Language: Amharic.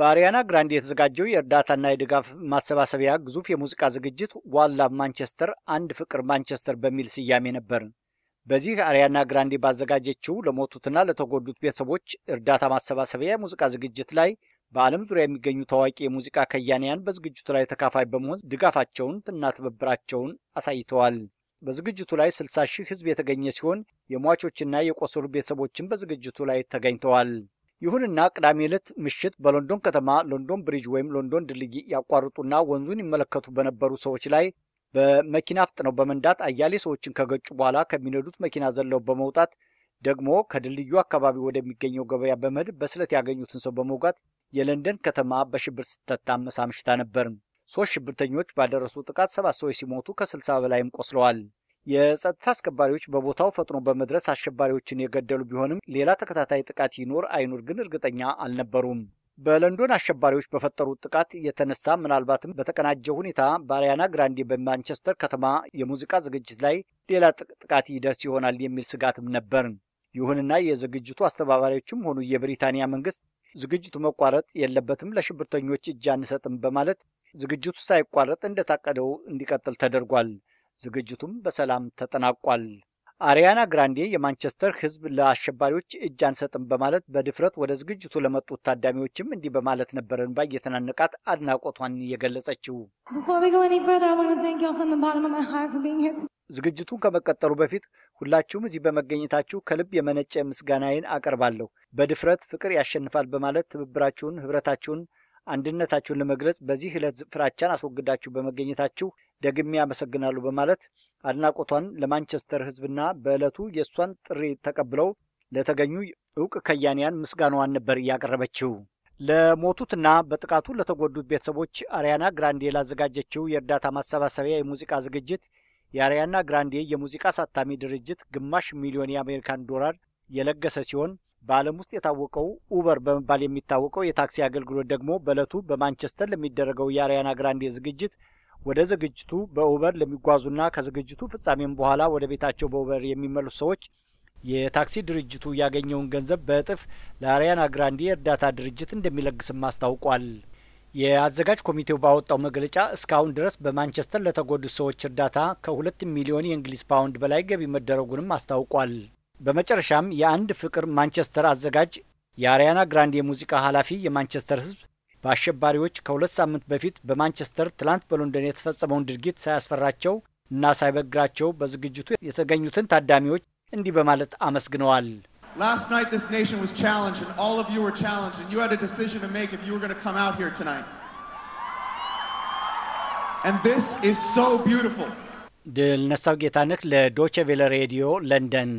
በአሪያና ግራንድ የተዘጋጀው የእርዳታና የድጋፍ ማሰባሰቢያ ግዙፍ የሙዚቃ ዝግጅት ዋን ላቭ ማንቸስተር አንድ ፍቅር ማንቸስተር በሚል ስያሜ ነበር። በዚህ አሪያና ግራንዴ ባዘጋጀችው ለሞቱትና ለተጎዱት ቤተሰቦች እርዳታ ማሰባሰቢያ የሙዚቃ ዝግጅት ላይ በዓለም ዙሪያ የሚገኙ ታዋቂ የሙዚቃ ከያንያን በዝግጅቱ ላይ ተካፋይ በመሆን ድጋፋቸውን እና ትብብራቸውን አሳይተዋል። በዝግጅቱ ላይ 60 ሺህ ሕዝብ የተገኘ ሲሆን የሟቾችና የቆሰሉ ቤተሰቦችን በዝግጅቱ ላይ ተገኝተዋል። ይሁንና ቅዳሜ ዕለት ምሽት በሎንዶን ከተማ ሎንዶን ብሪጅ ወይም ሎንዶን ድልድይ ያቋርጡና ወንዙን ይመለከቱ በነበሩ ሰዎች ላይ በመኪና አፍጥነው በመንዳት አያሌ ሰዎችን ከገጩ በኋላ ከሚነዱት መኪና ዘለው በመውጣት ደግሞ ከድልድዩ አካባቢ ወደሚገኘው ገበያ በመሄድ በስለት ያገኙትን ሰው በመውጋት የለንደን ከተማ በሽብር ስትታመስ መሳምሽታ ነበር። ሶስት ሽብርተኞች ባደረሱ ጥቃት ሰባት ሰዎች ሲሞቱ ከስልሳ በላይም ቆስለዋል። የጸጥታ አስከባሪዎች በቦታው ፈጥኖ በመድረስ አሸባሪዎችን የገደሉ ቢሆንም ሌላ ተከታታይ ጥቃት ይኖር አይኖር ግን እርግጠኛ አልነበሩም። በለንዶን አሸባሪዎች በፈጠሩት ጥቃት የተነሳ ምናልባትም በተቀናጀ ሁኔታ በአሪያና ግራንዴ በማንቸስተር ከተማ የሙዚቃ ዝግጅት ላይ ሌላ ጥቃት ይደርስ ይሆናል የሚል ስጋትም ነበር። ይሁንና የዝግጅቱ አስተባባሪዎችም ሆኑ የብሪታንያ መንግስት ዝግጅቱ መቋረጥ የለበትም፣ ለሽብርተኞች እጅ አንሰጥም በማለት ዝግጅቱ ሳይቋረጥ እንደታቀደው እንዲቀጥል ተደርጓል። ዝግጅቱም በሰላም ተጠናቋል። አሪያና ግራንዴ የማንቸስተር ሕዝብ ለአሸባሪዎች እጅ አንሰጥም በማለት በድፍረት ወደ ዝግጅቱ ለመጡት ታዳሚዎችም እንዲህ በማለት ነበር እንባ እየተናነቃት አድናቆቷን የገለጸችው። ዝግጅቱን ከመቀጠሉ በፊት ሁላችሁም እዚህ በመገኘታችሁ ከልብ የመነጨ ምስጋናዬን አቀርባለሁ። በድፍረት ፍቅር ያሸንፋል በማለት ትብብራችሁን፣ ህብረታችሁን፣ አንድነታችሁን ለመግለጽ በዚህ ዕለት ፍራቻን አስወግዳችሁ በመገኘታችሁ ደግሜ ያመሰግናሉ በማለት አድናቆቷን ለማንቸስተር ህዝብና በዕለቱ የእሷን ጥሪ ተቀብለው ለተገኙ እውቅ ከያንያን ምስጋናዋን ነበር እያቀረበችው። ለሞቱትና በጥቃቱ ለተጎዱት ቤተሰቦች አሪያና ግራንዴ ላዘጋጀችው የእርዳታ ማሰባሰቢያ የሙዚቃ ዝግጅት የአሪያና ግራንዴ የሙዚቃ አሳታሚ ድርጅት ግማሽ ሚሊዮን የአሜሪካን ዶላር የለገሰ ሲሆን በዓለም ውስጥ የታወቀው ኡበር በመባል የሚታወቀው የታክሲ አገልግሎት ደግሞ በዕለቱ በማንቸስተር ለሚደረገው የአሪያና ግራንዴ ዝግጅት ወደ ዝግጅቱ በኡበር ለሚጓዙና ከዝግጅቱ ፍጻሜም በኋላ ወደ ቤታቸው በኡበር የሚመሉት ሰዎች የታክሲ ድርጅቱ ያገኘውን ገንዘብ በእጥፍ ለአሪያና ግራንዴ የእርዳታ ድርጅት እንደሚለግስም አስታውቋል። የአዘጋጅ ኮሚቴው ባወጣው መግለጫ እስካሁን ድረስ በማንቸስተር ለተጎዱ ሰዎች እርዳታ ከሁለት ሚሊዮን የእንግሊዝ ፓውንድ በላይ ገቢ መደረጉንም አስታውቋል። በመጨረሻም የአንድ ፍቅር ማንቸስተር አዘጋጅ የአሪያና ግራንዴ የሙዚቃ ኃላፊ የማንቸስተር ሕዝብ በአሸባሪዎች ከሁለት ሳምንት በፊት በማንቸስተር ትላንት በሎንደን የተፈጸመውን ድርጊት ሳያስፈራቸው እና ሳይበግራቸው በዝግጅቱ የተገኙትን ታዳሚዎች እንዲህ በማለት አመስግነዋል። ድል ጌታ ጌታነህ ለዶቼ ቬለ ሬዲዮ ለንደን